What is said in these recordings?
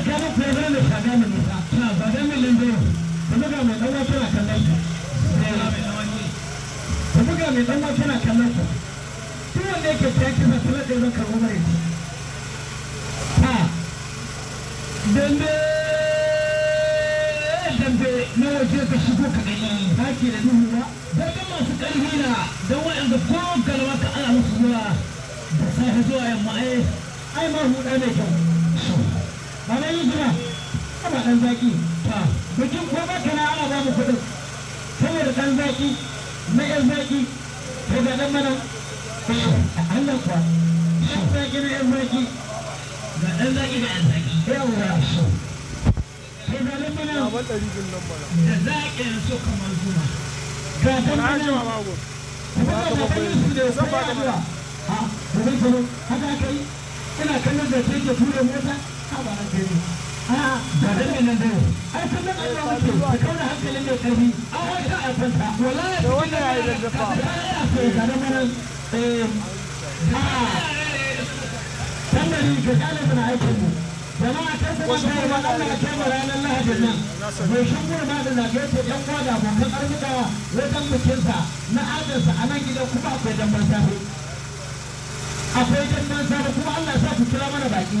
da ka ga fura ne ka ga mun ka ba da mun lambe ku buga mai dan wata na kallon ku ku buga mai dan wata na kallon ku duk wanda yake ta kisa sanar da zan karbo mai ha dambe dambe na waje ka shigo ka gani ba ke da duhu ba dambe masu ƙarfi na don waɗanda ko galaba ka ana musu zuwa da safe zuwa yamma ai ai ma huɗa mai kyau ba na yi jira ana ɗan zaki ta bikin ko ba kana ana ba mu kuɗin saboda ɗan zaki na ɗan zaki to ga ɗan mana Allah kuwa ɗan zaki na ɗan zaki ga ɗan zaki ga ƴan zaki yawwa so to ga ɗan mana da zaƙin so kamar zuwa ga ɗan mana kuma ga ɗan su da sai ya zuwa ha da zai haka kai yi ina kallon da ke tura mota ba da mai an ranar Lahadin da na a nan akwai Allah sa ku kira mana baki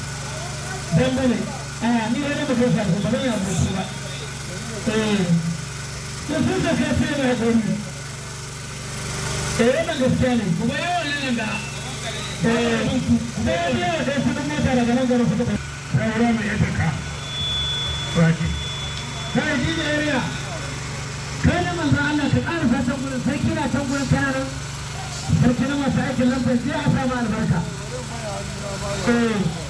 dangane eh, a ni wani ba zai shafi ba zai yamu shi ba eh, to sun da kai sai mai hakuri eh wannan gaskiya ne kuma yawan nan da eh sai ya biya kai kudin mota daga nan garin kudu saura mai ya taka waki kai ji da yariya kai da manzan Allah ka ƙara fatan gurin sai kina can gurin kana nan sarki na masu aikin lambar sai a samu albarka eh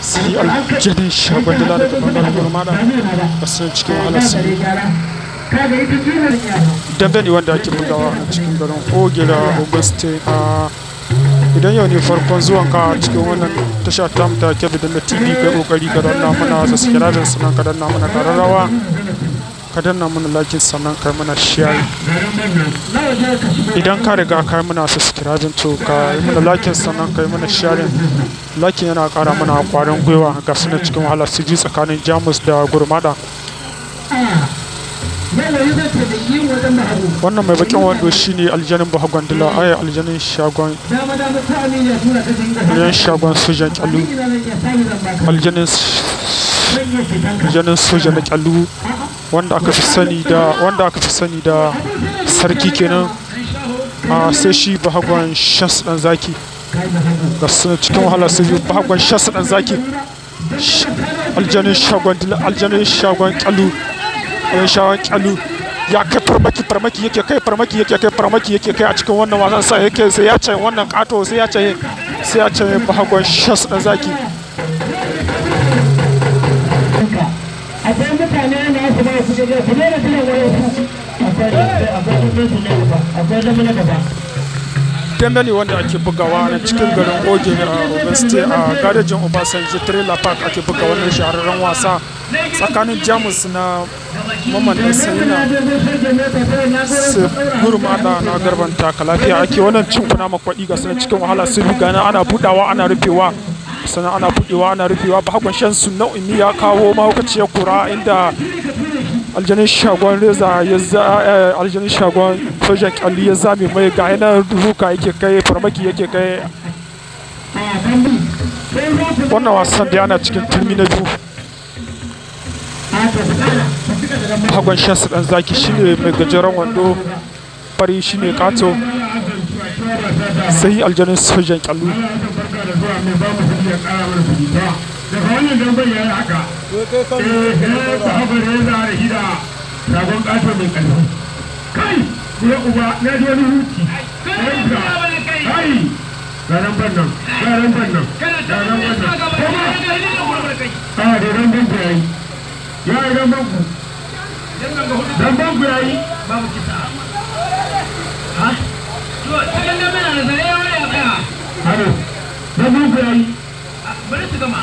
sai alhajjadin shagon dala daga ɓangaren gurmada a sai cikin alasar dambe ne wanda ake bugawa a cikin garin ogila ogun state idan yau ne farkon zuwan ka cikin wannan tasha ta mutake da dambe tv ga kokari ka danna mana subscribe sannan ka danna mana kararrawa ka danna mana lakin sannan kai mana share idan ka riga kai mana subscribe to ka yi mana lakin sannan kai mana share lakin yana kara mana kwarin gwiwa ga suna cikin wahala su ji tsakanin jamus da gurmada wannan mai bakin wando shine aljanin baha gwandula aya aljanin shagon aljanin shagon sojan kyalu aljanin sojan kyalu wanda aka fi sani da wanda aka fi sani da sarki kenan a sai shi bahagwan shas dan zaki ga sun cikin wahala sai biyu bahagwan shas dan zaki aljanin shagon aljanin shagwan kalu aljanin shagwan kalu ya kai farmaki farmaki yake kai farmaki yake kai farmaki yake kai a cikin wannan wasan sa yake sai ya ce wannan kato sai ya ce sai ya ce bahagwan shas dan zaki akwai mutane kuma wanda ake bugawa na cikin garin oge a uh, State a uh, garejin obasanjo trailer park ake buga wannan shahararren wasa tsakanin jamus na maman na su da na garban takalafiya ake wannan cin kuna makwaɗi ga suna cikin wahala su ruga na ana budawa ana rufewa sannan ana budewa ana rufewa ba hakon shan su nau'in ya kawo mahaukaciyar kura inda aljanin shagon reza ya za eh, aljanin shagon project ali ya zame mai ga yanar ruka yake kai farmaki yake kai wannan wasan da yana cikin turmi na biyu hagon shansu dan zaki shine mai gajeren wando fari shine kato sai aljanin sojan kyallu daga wannan dambe ya yi haka eh ya ku haɓa da ya zara shi da ragon ƙato mai ƙarfi kai ya uba na ji wani huci kai garan ban nan garan ban nan garan ban nan kuma a da ku ya yi ya yi damben ku ku ya yi babu ha to cikin na ya ya ku ya yi bari su gama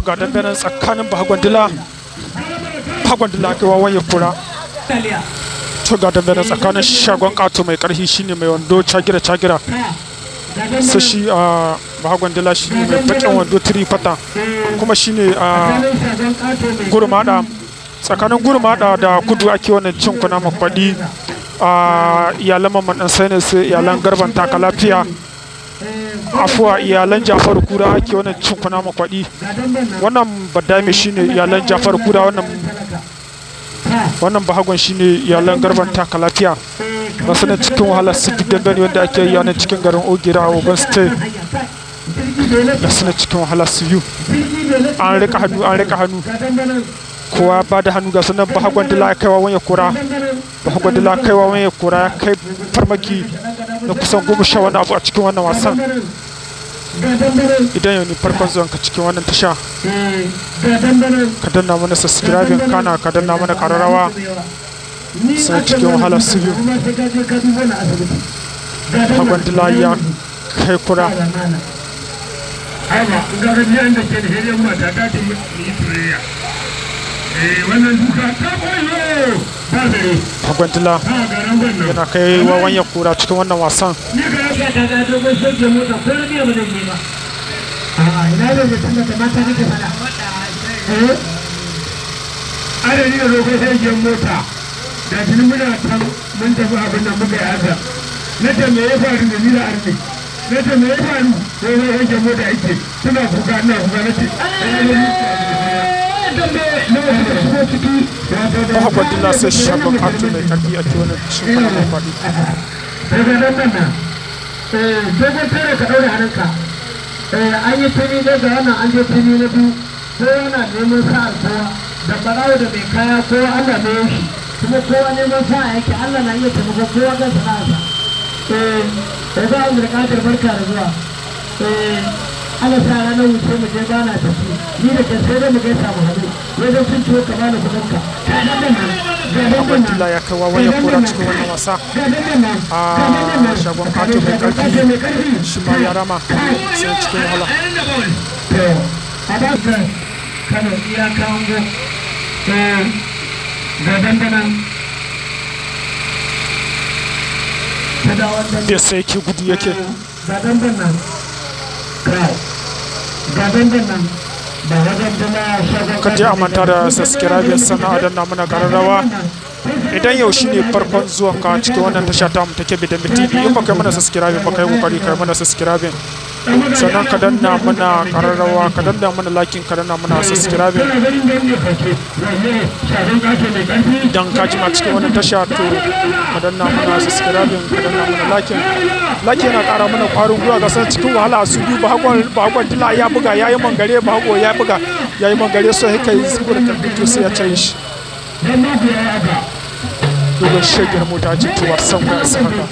ga dambenin tsakanin bahagwandila bahagwandila ke wawan ya kura to ga dambenin tsakanin shagon kato mai karhi shine mai wando cagira cagira su shi a ah, bahagon dala shi ne mai fatan wando tiri fata kuma shi ne a ah, gurmada tsakanin gurmada da kudu ake wannan cin kuna makwaɗi a ah, iyalan mamman dan sai ne sai iyalan garban taka lafiya afuwa iyalan jafar kura ake wannan cin kuna makwaɗi wannan badame shi ne iyalan jafar kura wannan wannan bahagon shi ne iyalan garban taka lafiya ba cikin wahala su fi dangane wanda ake yi a cikin garin ogira a ogun state da suna cikin wahala su biyu an rika hannu an rika hannu kowa ba da hannu ga sunan ba hagon dila kaiwa wani kura ba hagon la kaiwa wani kura ya kai farmaki na kusan goma sha wani abu a cikin wannan wasan idan yau ne farkon zuwan ka cikin wannan tasha ka danna mana subscribe kana ka danna mana kararrawa suna cikin wahala su biyu hagon la ya kai kura haba ga ga biyan da ke da hiriyar mata ta ce mu yi turayya eh wannan duka ta koyo ba zare agwantila yana kai wawan ya kura cikin wannan wasan ni ga ya ta ga dogon shirke mota ko ne ba zan yi ba Aa ina da mutum da mata nake fada eh adadi da dogon shirke mota da tuni muna kan mun tafi abin da muka yi haka na ce me ya faru da ni da arziki na ce me ya faru sai zai wanke mota ake suna kuka ina kuka na ce Mahaifar dina sai shagon ato mai karfi a kiwon cikin kalmar faɗi. Eh, ka ɗaure hannunka, eh, an yi tuni na ga wannan an je tuni na biyu, ko yana neman sa'ar kowa, da barawo da mai kaya ko Allah ne shi, kuma kowa neman sa'a yake Allah na iya taimakon kowa ga sana'arsa. eh da za barka da zuwa eh ana ranar wuce mu je gana ta su ni da ke sai dai mu gaisa mu hadu wajen sun ciwo ka bani kudin ka ya kawo wani cikin wannan wasa a ah, shagon kato mai karfi shi ma ya rama sai cikin wahala. iya kawo yasa yake gudu yake ga dandan nan a manta da subscribe sana'a don na muna kararrawa idan yaushe ne farkon zuwanka ka cikin wannan tasha ta mu take bidan tv in baka mana subscribe baka yi kokari kai mana subscribe sannan ka danna mana kararrawa ka danna mana lakin ka danna mana subscribe idan ka ji cikin wani tasha to ka danna mana subscribe ka danna mana lakin lakin yana kara mana kwarin gwiwa ga san cikin wahala su biyu ba hakon ba hakon tila ya buga yi mangare ba hako ya buga ya yi mangare so haka yi zubar da karfin sai ya cire shi dogon shagiyar mota jituwar san wani sakaka